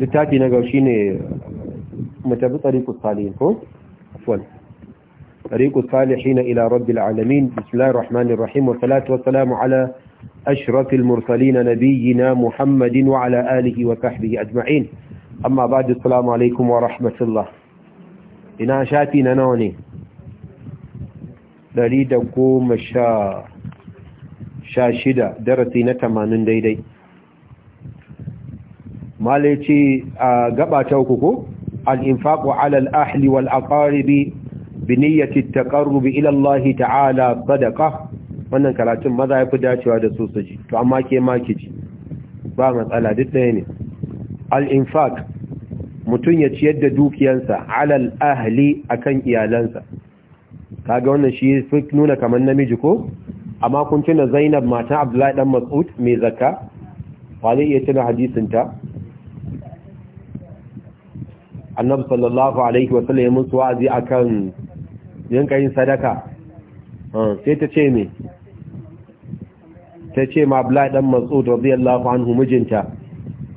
littafi na gaushi ne mutabi tsariƙus salihin ko? afwan tsariƙus salihin ila rabbil alamin bismillahir rahmanir rahim wa salatu wa salamu ala ashrafil mursalin nabiyina muhammadin wa ala alihi wa sahbihi ajma'in amma ba'd assalamu alaikum wa rahmatullah ina shafi na nawa ne 116 darasi na 80 daidai mala ce a gaba ta uku ko al-infaqu ala ahli wal aqaribi bi niyyati at-taqarrub ila Allah ta'ala sadaqa wannan karatun maza yafi dacewa da sosaji to amma ke ma ji ba matsala duk ɗaya ne al-infaq mutum ya ciyar da dukiyansa alal ahli akan iyalansa kaga wannan shi fi nuna kamar namiji ko amma kun tuna Zainab matar Abdullahi dan Mas'ud mai zakka wani iya tuna hadisin ta annabi sallallahu alaihi wasallam ya musu wa'azi akan yanka yin sadaka ah, sai ta ce me ta ce ma Abdullahi dan Mas'ud radiyallahu anhu mijinta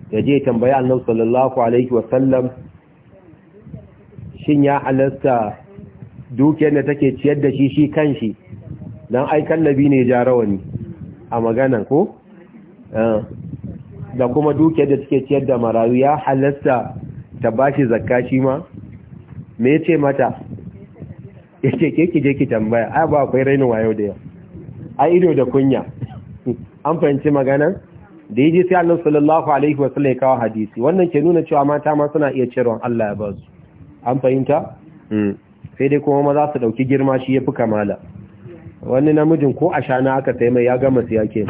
ya je tambayi annabi sallallahu alaihi wasallam shin ya halasta dukiyar da take ciyar da shi shi kanshi dan ai kallabi ne jarawani a magana ko ah, da kuma dukiyar da take ciyar da marayu ya halasta ta bashi zakka shi ma me ce mata Yake ke ki je ki tambaya ai ba akwai rainin wayo da yau ai ido da kunya an fahimci magana da yaji sai Allah sallallahu alaihi wa sallam ya kawo hadisi wannan ke nuna cewa mata ma suna iya ciron Allah ya ba su an fahimta hmm. sai dai kuma maza su dauki girma shi yafi kamala wani namijin ko a shana aka sai mai ya gama siya ke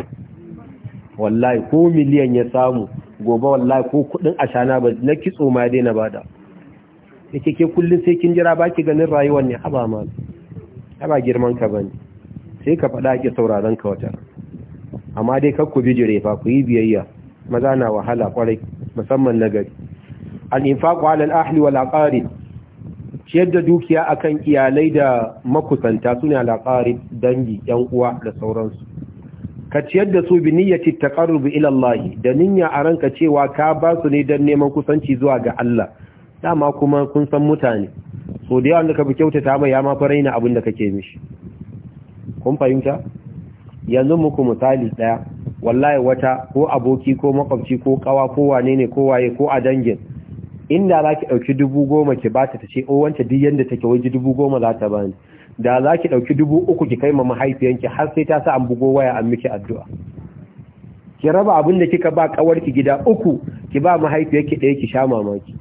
wallahi ko miliyan ya samu gobe wallahi ko kudin ashana ba na kitso ma dai na bada yake ke kullun sai kin jira baki ganin rayuwar ne haba ma haba girman ka bane sai ka fada ki sauraron ka wata amma dai kar ku bijire fa ku yi biyayya maza na wahala kwarai musamman na gari al-infaqu 'ala al-ahli wal aqarib ciyar da dukiya akan iyalai da makusanta sune al-aqarib dangi yan uwa da sauransu ka ciyar da su bi niyyati taqarrub ila Allah da niyya a ranka cewa ka ba su ne dan neman kusanci zuwa ga Allah dama kuma kun san mutane so da yawan da ka bi kyautata mai ya ma fa raina abin da kake mishi kun fahimta yanzu muku misali daya wallahi wata ko aboki ko makwabci ko kawa ko wane ne ko waye ko a dangin inda zaki ki ɗauki dubu goma ki bata ta ce o oh, wance duk yadda take waje dubu goma za ta bani da za ki ɗauki dubu uku ki kai ma mahaifiyanki har sai ta sa an bugo waya an miki addu'a ki raba abin da kika ba ƙawarki gida uku ki ba mahaifiyarki ɗaya ki sha mamaki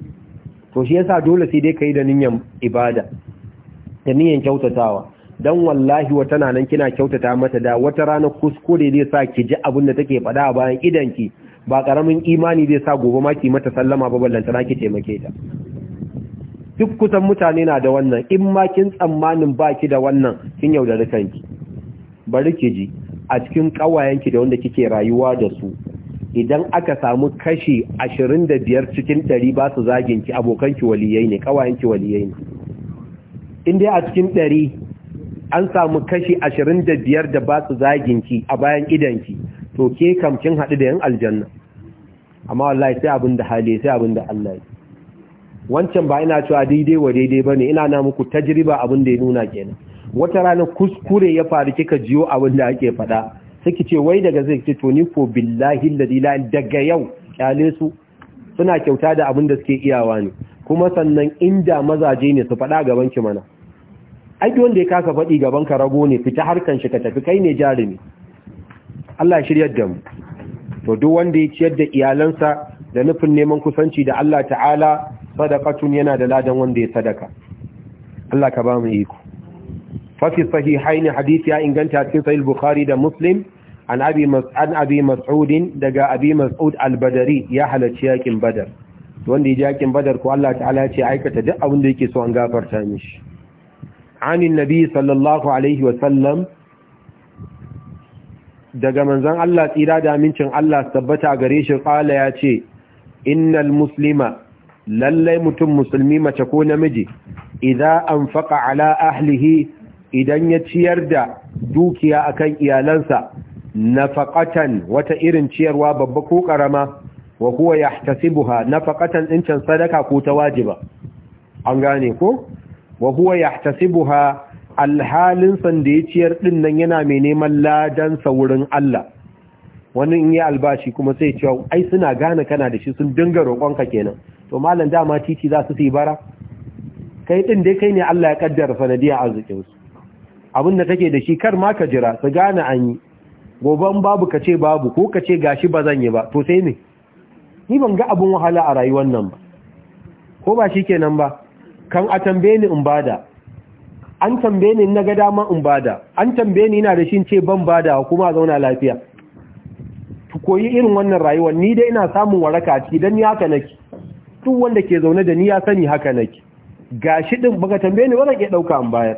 to shi yasa dole sai dai ka yi da niyyar ibada da niyyar kyautatawa dan wallahi wata nan kina kyautata mata da wata rana kuskure zai sa ki ji abin da take faɗa a bayan idanki ba karamin imani zai sa gobe ma ki mata sallama ba ballanta ki taimake ta duk kusan mutane na da wannan in ma kin tsammanin baki da wannan kin yaudari kanki bari ki ji a cikin kawayenki da wanda kike rayuwa da su idan aka samu kashi 25 cikin 100 ba su zaginki abokanki waliyai ne kawayenki waliyai ne in dai a cikin 100 an samu kashi 25 da ba su zaginki a bayan idanki to ke kam kin haɗu da yan aljanna amma wallahi sai abin da hali sai abin da Allah ya wancan ba ina cewa daidai wa daidai bane ina na muku tajriba abin da ya nuna kenan wata rana kuskure ya faru kika jiyo abin da ake faɗa suke ce wai daga zai ce to ni ko billahi ladila daga yau kyale su suna kyauta da abin da suke iyawa ne kuma sannan inda mazaje ne su faɗa gaban ki mana ai wanda ya kaka faɗi gaban ka rago ne fita harkan shi ka tafi kai ne jarumi Allah ya shiryar da mu to duk wanda ya ciyar da iyalansa da nufin neman kusanci da Allah ta'ala sadaqatun yana da ladan wanda ya sadaka Allah ka ba mu iko fa fi sahihaini hadisi ya inganta cikin sahih bukhari da muslim an abi mas'ud abi mas'ud daga abi mas'ud al-badari ya halarci yakin badar wanda ya yakin badar ko Allah ta'ala ya ce aikata duk abin da yake so an gafarta mishi anin nabi sallallahu alaihi wa sallam daga manzan Allah tsira da amincin Allah tabbata gare shi qala ya ce innal muslima lallai mutum musulmi mace ko namiji idan anfaqa ala ahlihi idan ya ciyar da dukiya akan iyalansa nafaqatan wata irin ciyarwa babba ko karama wa huwa yahtasibuha nafaqatan din can sadaka ko ta wajiba an gane ko wa huwa yahtasibuha alhalin san da ya ciyar din nan yana mai neman ladan sa wurin Allah wani in yi albashi kuma sai cewa ai suna gane kana da shi sun dinga roƙonka kenan to malam dama titi za su yi bara kai din dai kai ne Allah ya kaddara sanadiya arzikin su abin da kake da shi kar ma ka jira su gane an yi goban babu ka ce babu ko ka ce gashi ba zan yi ba to sai ne ni ban ga abin wahala a rayuwar nan ba ko ba shi kenan ba kan a tambaye ni in bada an tambaye ni na ga dama in bada an tambaye ni ina da shi ce ban bada kuma zauna lafiya ku koyi irin wannan rayuwar ni dai ina samun waraka ci dan ni haka nake duk wanda ke zaune da ni ya sani haka nake gashi din baka tambaye ni ba zan iya dauka an bayar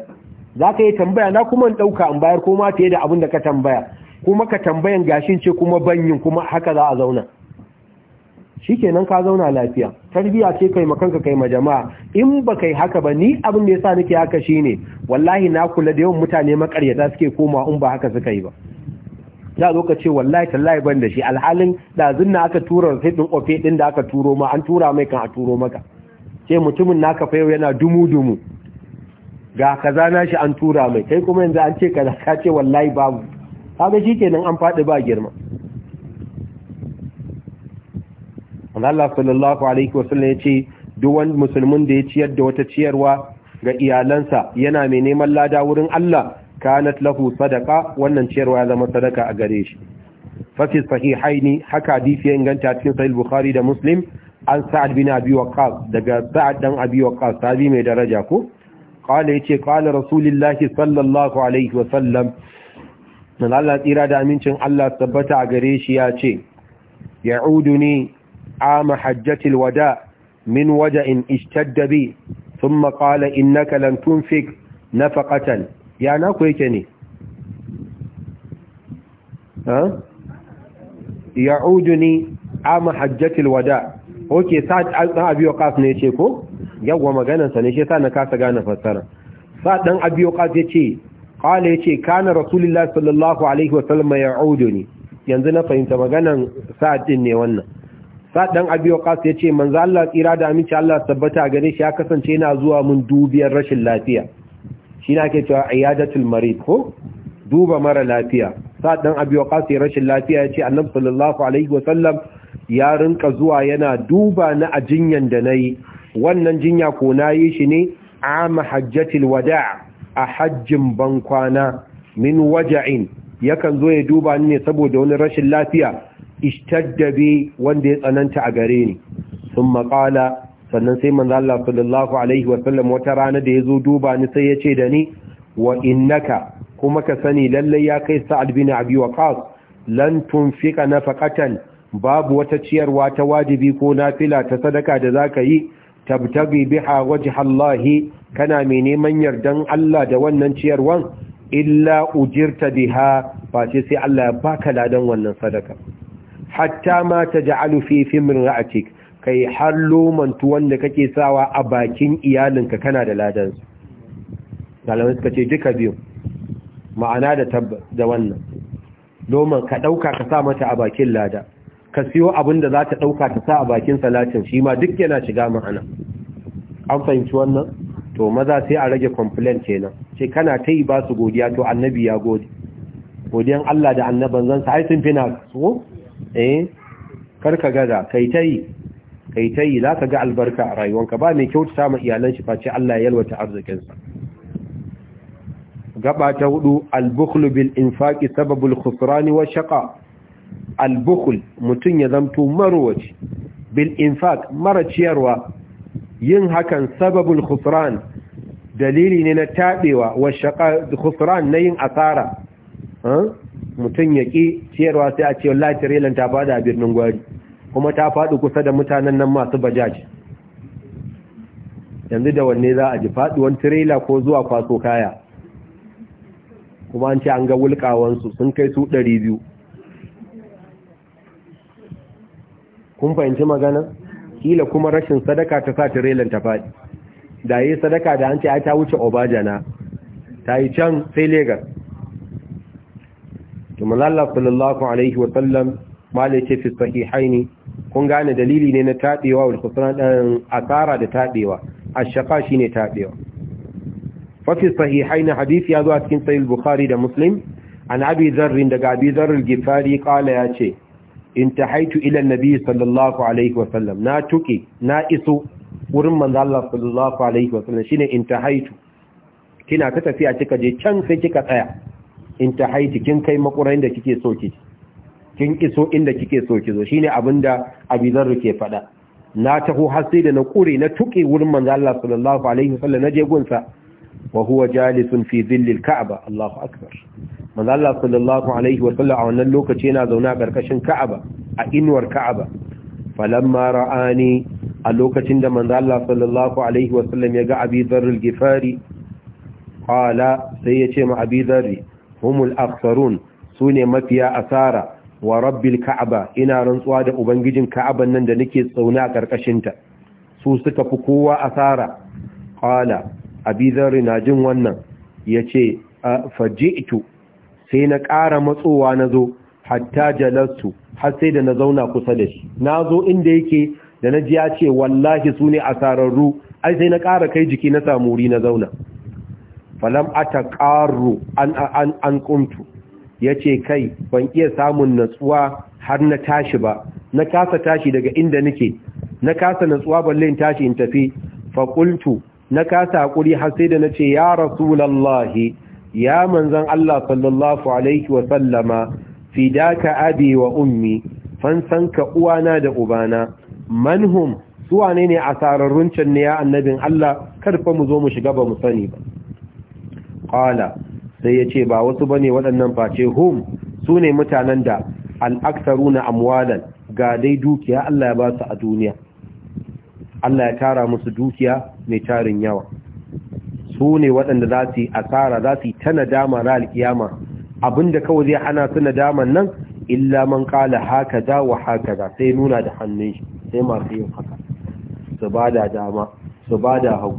zaka yi tambaya na kuma in dauka an bayar ko ma ta da abin da ka tambaya kuma ka tambayan gashin ce kuma banyin kuma haka za a zauna shikenan ka zauna lafiya tarbiya ce kai makanka kai majama'a in ba kai haka ba ni abin da yasa nake haka shine wallahi na kula da yawan mutane makaryata suke koma in ba haka suka yi ba za a zo ka ce wallahi tallahi ban da shi alhalin da zinna aka tura sai din ofe din da aka turo ma an tura mai kan a turo maka sai mutumin naka fa yau yana dumu dumu ga kaza na shi an tura mai kai kuma yanzu an ce kaza ka ce wallahi babu kaga shikenan an faɗi ba girma Allah sallallahu alaihi wa ya ce duk wani musulmin da ya ciyar da wata ciyarwa ga iyalansa yana mai neman lada wurin Allah kanat lahu sadaka wannan ciyarwa ya zama sadaka a gare shi fasi sahihaini haka hadisi ya inganta cikin sahih bukhari da muslim an sa'ad bin abi waqqas daga sa'ad dan abi waqqas sahabi mai daraja ko qala yace qala rasulullahi sallallahu alaihi wa sallam nan Allah tsira da amincin Allah tabbata a gare shi ya ce ya'uduni ama hajjatil wada min wada'in ishtadda bi thumma qala innaka lan tunfik nafaqatan ya na ku yake ne ya uduni ama hajjatil wada oke sa dan abiyo kas ne ce ko yawwa maganarsa ne shi sa na kasa gane fassara sa dan abiyo kas ya ce kala ya ce kana rasulullah sallallahu alaihi wasallam ya uduni yanzu na fahimta maganan sa'ad din ne wannan sa'ad dan abi waqas yace manzo Allah tsira da aminci Allah tabbata gare shi ya kasance yana zuwa mun dubiyar rashin lafiya shi na ke cewa iyadatul marid ko duba mara lafiya Sa dan abi waqas rashin lafiya yace annabi sallallahu alaihi sallam ya rinka zuwa yana duba na a jinyan da nayi wannan jinya ko nayi shi ne a mahajjatil wada' a hajjin bankwana min waja'in yakan zo ya duba ni ne saboda wani rashin lafiya ishtaddabi wanda ya tsananta a gare ni sun maƙala sannan sai manzo Allah sallallahu alaihi sallam wata rana da yazo duba ni sai yace da ni wa innaka kuma ka sani lalle ya kai Sa'ad bin Abi Waqqas lan tunfika nafaqatan babu wata ciyarwa ta wajibi ko nafila ta sadaka da zaka yi tabtagi biha wajha Allah kana mai neman yardan Allah da wannan ciyarwan illa ujirta biha face sai Allah ya baka ladan wannan sadaka hatta ma taj'alu fi fimra'atik kai har lomantu wanda kake sawa a bakin iyalinka kana da ladansu malamai suka ce duka biyu ma'ana da da wannan loman ka ɗauka ka sa mata a bakin lada ka siyo abin da za ta ɗauka ta sa a bakin salatin shi ma duk yana shiga ma'ana an fahimci wannan to maza sai a rage complaint kenan ce kana ta yi ba su godiya to annabi ya gode godiyan Allah da annaban zan sa ai sun fina su eh ka gaza kai ta yi kai ta yi za ka ga albarka a rayuwanka ba mai kyautata ma iyalan shi face Allah ya yalwata arzikinsa gaba ta hudu al-bukhl bil infaqi sababul khusran wa shaqa al-bukhl mutun ya zamto marwaci bil infaq maraciyarwa yin hakan sababul khusran dalili ne na tabewa wa shaqa khusran na yin asara mutun ya ki ciyarwa sai a ce wallahi tirelan ta bada birnin gwari kuma ta faɗi kusa da mutanen nan masu bajaj yanzu da wanne za a ji faɗuwan tirela ko zuwa kwaso kaya kuma an ce an ga wulƙawansu sun kai su 200 biyu kun fahimci magana kila kuma rashin sadaka ta sa tirelan ta faɗi da yi sadaka da an ce ai ta wuce obajana ta yi can sai legas tumalala sallallahu alaihi wasallam ma da ce fi sahihaini kun gane dalili ne na taɓewa wal khusran dan asara da taɓewa ashqa ne taɓewa fa fi sahihain hadith ya zo a cikin sahih bukhari da muslim an abi zarrin, daga abi zarri al-ghifari ya ce in ta ila an-nabi sallallahu alaihi wa sallam na tuki na iso wurin manzo Allah sallallahu alaihi wa sallam ta intahaitu kina ta tafiya kika je can sai kika tsaya In intahaitu kin kai makurayin da kike so kike kin iso inda kike so ki zo shine abinda abizar ke fada. na taho har sai da na kure na tuke wurin manzo Allah sallallahu alaihi wasallam na je gunsa wa huwa jalisun fi dhillil ka'aba Allahu akbar manzo Allah sallallahu alaihi wasallam a wannan lokaci yana zauna karkashin ka'aba a inuwar ka'aba falamma ra'ani a lokacin da manzo Allah sallallahu alaihi wasallam ya ga Abi Dharr gifari qala sai ya ce ma Abizarri Dharr humul aktharun sune mafiya asara wa rabbil ka'aba ina rantsuwa da ubangijin ka'aban nan da nake tsauna a ta su suka fi kowa asara qala abi na jin wannan yace faji'tu sai na ƙara matsowa nazo, hatta jalastu har sai da na zauna kusa da shi nazo inda yake da naji ji ya ce wallahi su ne asararru ai sai na ƙara kai jiki na samuri na zauna falam ata an an an kumtu ya ce kai ban iya samun natsuwa har na tashi ba na kasa tashi daga inda nake na kasa natsuwa balle in tashi in tafi faƙultu na kasa haƙuri har sai da na ce ya rasulallahi ya manzan Allah sallallahu alaihi wa sallama fidaka abi wa ummi fansanka uwana da ubana manhum zuwa ne a asararrun can ne ya annabin Allah karfa mu zo mu shiga ba mu sani ba qala sai ya ce ba wasu bane waɗannan face hum su ne mutanen da al'aktaru na amwalan ga dai dukiya Allah ya ba su a duniya Allah ya tara musu dukiya mai tarin yawa su ne waɗanda za su yi asara za su yi ta nadama na alkiyama abinda kawai zai hana su nadaman nan illa man kala haka za wa haka za sai nuna da hannun shi sai masu yin haka su ba da dama su ba da hagu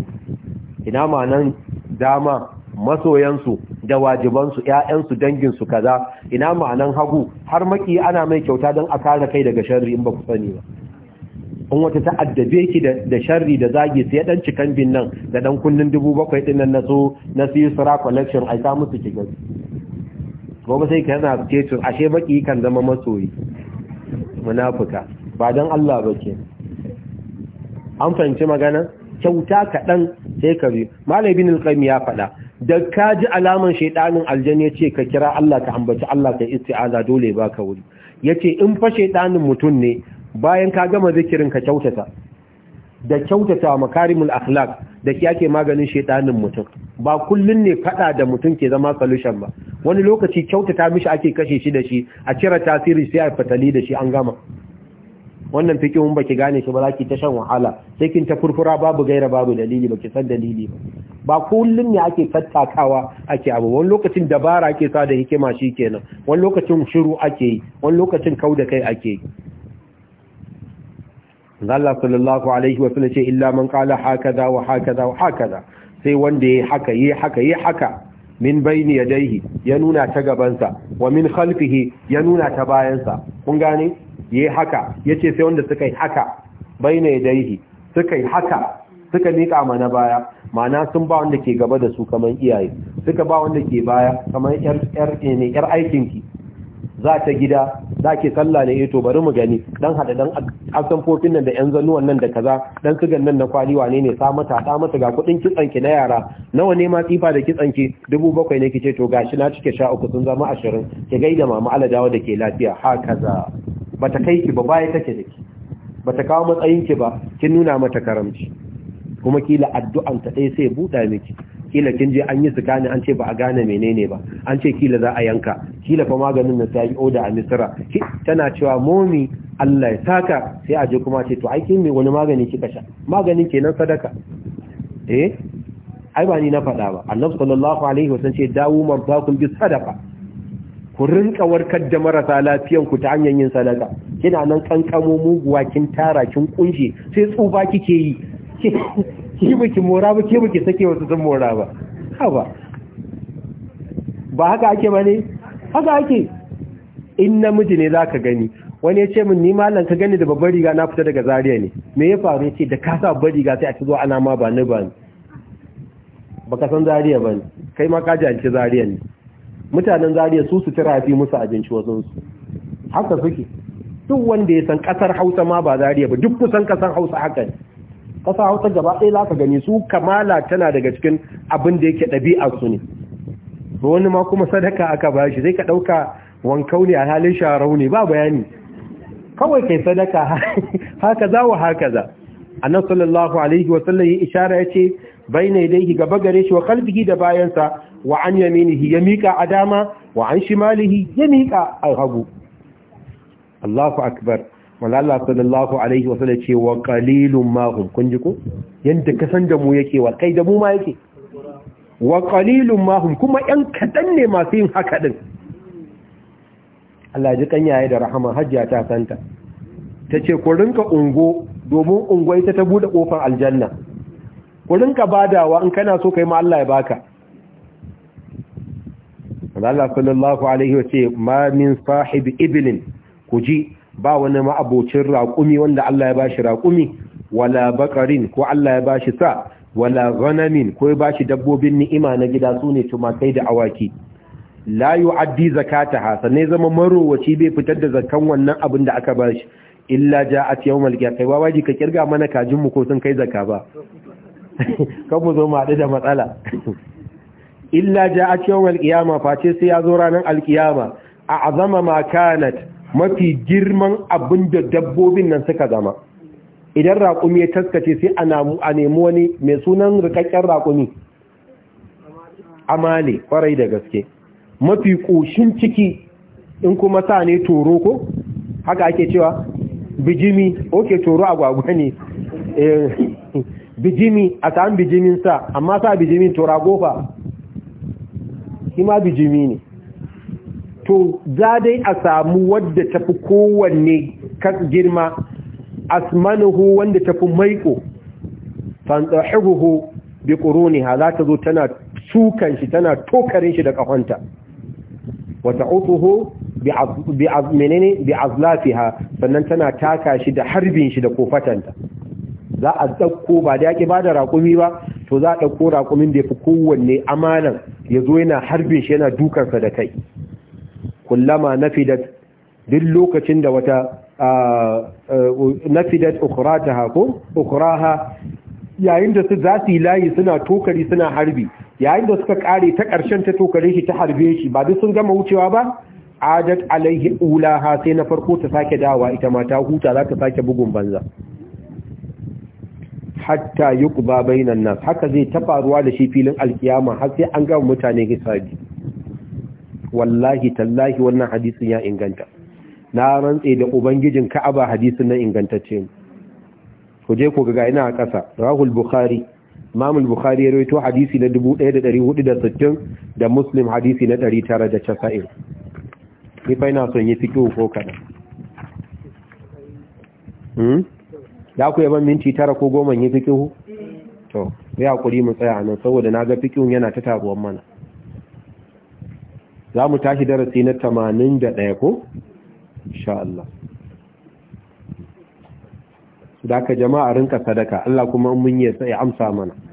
ina ma nan dama masoyansu da wajibansu ‘ya'yansu danginsu kaza ina ma'anan hagu har maki ana mai kyauta don a kare kai daga shari’i in ba ku sani ba in wata ta'addabe ki da sharri da zagi sai dan cikan bin nan da dan kunnin dubu bakwai nan na so na sura collection a sa musu ki gani gobe sai ka yana ceto ashe baki kan zama masoyi munafuka ba don Allah ba ke an fahimci magana kyauta kaɗan sai ka biyu malamin alƙami ya faɗa da ka ji alaman shaidanin aljani ya ce ka kira Allah ka ambaci Allah ka isti'aza dole ba ka wuri ya ce in fa shaidanin mutum ne bayan ka gama zikirin ka kyautata da kyautata wa makarimul akhlaq da ke ake maganin shaidanin mutum ba kullun ne fada da mutum ke zama solution ba wani lokaci kyautata mishi ake kashe shi da shi a cire tasiri sai a fatali da shi an gama wannan mun baki gane shi ba za ki ta shan wahala sai kin ta furfura babu gaira babu dalili baki san dalili ba ba kullum ne ake tattakawa ake abu wani lokacin dabara ake sa da hikima shi kenan wani lokacin shiru ake yi wani lokacin kau da kai ake yi Allah sallallahu alaihi wa sallam ce illa man qala hakaza wa hakaza wa hakaza sai wanda yayi haka yayi haka yayi haka min bayni yadayhi ya nuna ta gabansa wa min khalfihi ya nuna ta bayansa kun gane yayi haka yace sai wanda suka yi haka bayna yadayhi suka yi haka suka mika mana baya ma'ana sun ba wanda ke gaba da su kamar iyaye suka ba wanda ke baya kamar yar eh, aikinki za ta gida za ke sallah ne eh, to bari mu gani dan hada dan asamfofin nan da yan zannuwan nan da kaza dan sigan nan na kwali wane ne sa mata da mata ga kudin kitsan ki na yara nawa ne ma tsifa da kitsan ki 700 ne kice to gashi na cike sha uku sun zama 20 ki gaida mama aladawa da ke lafiya ha kaza bata kai ki ba baya take da ki bata kawo matsayin ki ba kin nuna mata karamci kuma kila addu'an ta ɗaya sai buɗa miki kila kin je an yi sikani an ce ba a gane menene ba an ce kila za a yanka kila fa maganin na ta oda a misira tana cewa momi Allah ya saka sai a je kuma ce to ai kin me wani magani kika sha maganin kenan sadaka eh ai ba ni na faɗa ba Allah sallallahu alaihi wasallam ce dawo marzakum bi sadaqa ku rinka warkar da marasa lafiyan ku ta hanyar yin sadaka kina nan kankamo muguwa kin tara kin kunje sai tsufa kike yi ki ki mora ba ke ki sake wasu sun mora ba haba ba haka ake ba ne haka ake in namiji ne za ka gani wani ya ce min ni malam ka gani da babbar riga na fita daga Zariya ne me ya faru ya ce da ka sa babbar riga sai a ci zuwa ana ma ba ni ba ni ka san Zariya ba ne kai ma ka janci Zariya ne mutanen Zariya su su tira fi musu abinci wasu su haka suke duk wanda ya san kasar hausa ma ba Zariya ba duk kusan kasar hausa haka ne ƙasa hausa gaba ɗaya za ka gani su kamala tana daga cikin abin da yake ɗabi'a su ne wani ma kuma sadaka aka ba shi zai ka ɗauka wankau ne a halin sharau ne ba bayani kawai kai sadaka haka za wa haka za annan sallallahu alaihi wasallam ya ishara ya ce bai na ki gaba gare shi wa kalbihi da bayansa wa an yaminihi ya miƙa a dama wa an shimalihi ya miƙa a hagu Allahu akbar malala sallallahu alaihi wa wasallam ce wa qalilun ma hum kun ji ko yanda ka san da mu yake wa kai da mu ma yake wa qalilun ma hum kuma yan kadan ne masu yin haka din Allah ji kan yayi da rahama hajjia ta santa tace ku rinka ungo domin ungo ita ta bude kofar aljanna ku rinka badawa in kana so kai ma Allah ya baka Allah sallallahu alaihi wa wasallam ma min sahib iblin ji. ba wani ma'abocin raƙumi wanda Allah ya bashi raƙumi wala bakarin ko Allah ya bashi sa wala ghanamin ko ya bashi dabbobin ni'ima na gida su ne tumakai da awaki la yu'addi zakataha sannan zama marowaci bai fitar da zakan wannan abin da aka bashi illa ja'at yawmal qiyamah wa waji ka kirga mana kajin mu ko sun kai zakka ba kan mu zo mu haɗu da matsala illa ja'at yawmal qiyamah face sai ya zo ranar alqiyama a'zama ma kanat mafi girman abin da dabbobin nan suka zama idan raƙumi ya taskace sai a nemi wani mai sunan rikakken raƙumi amale kwarai da gaske mafi ƙoshin ciki in kuma sa ne toro ko haka ake cewa bijimi oke toro agwagwa ne eh, bijimi a sa'an bijimin sa amma sa bijimin tora gofa shi ma bijimi ne to za dai a samu wadda fi kowanne girma asmanuhu wanda tafi maiko fantsahiruhu bi quruniha za ta zo tana sukan shi tana tokarin shi da bi azminini bi azlafiha sannan tana taka shi da harbin shi da kofatanta za a dauko ba da yaki ba raƙumi ba to za a dauko raƙumin da fi kowanne amanan ya zo yana harbin shi yana dukansa da kai kullama nafidat duk lokacin da wata nafidat ukhrataha ko ukraha yayin da su za su yi layi suna tokari suna harbi yayin da suka kare ta ƙarshen ta tokare shi ta harbe shi ba duk sun gama wucewa ba adat alaihi ulaha sai na farko ta sake dawa ita ma ta huta za ta sake bugun banza hatta yuqba bainan nan, haka zai ta faruwa da shi filin alkiyama har sai an gama mutane hisabi wallahi tallahi wannan hadisin ya inganta na rantse da ubangijin ka'aba hadisin nan ingantacce ku je ku ga ina a ƙasa rahul bukhari imamul bukhari ya rawaito hadisi na 1460 da muslim hadisi na 990 ni fa son yi fiqh ko kada hmm da ku yaban minti tara ko goma yi fiqh to ya hakuri mu tsaya nan saboda naga fiqh yana ta taruwan mana za mu tashi darasi na tamanin da ɗaya ko? insha Allah da ka jama'a rinka sadaka Allah kuma mun yi sai amsa mana